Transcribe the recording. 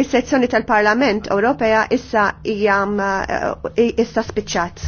Is-sezzjoni tal-Parlament Ewropea issa hija eh, eh, issa spiċċat.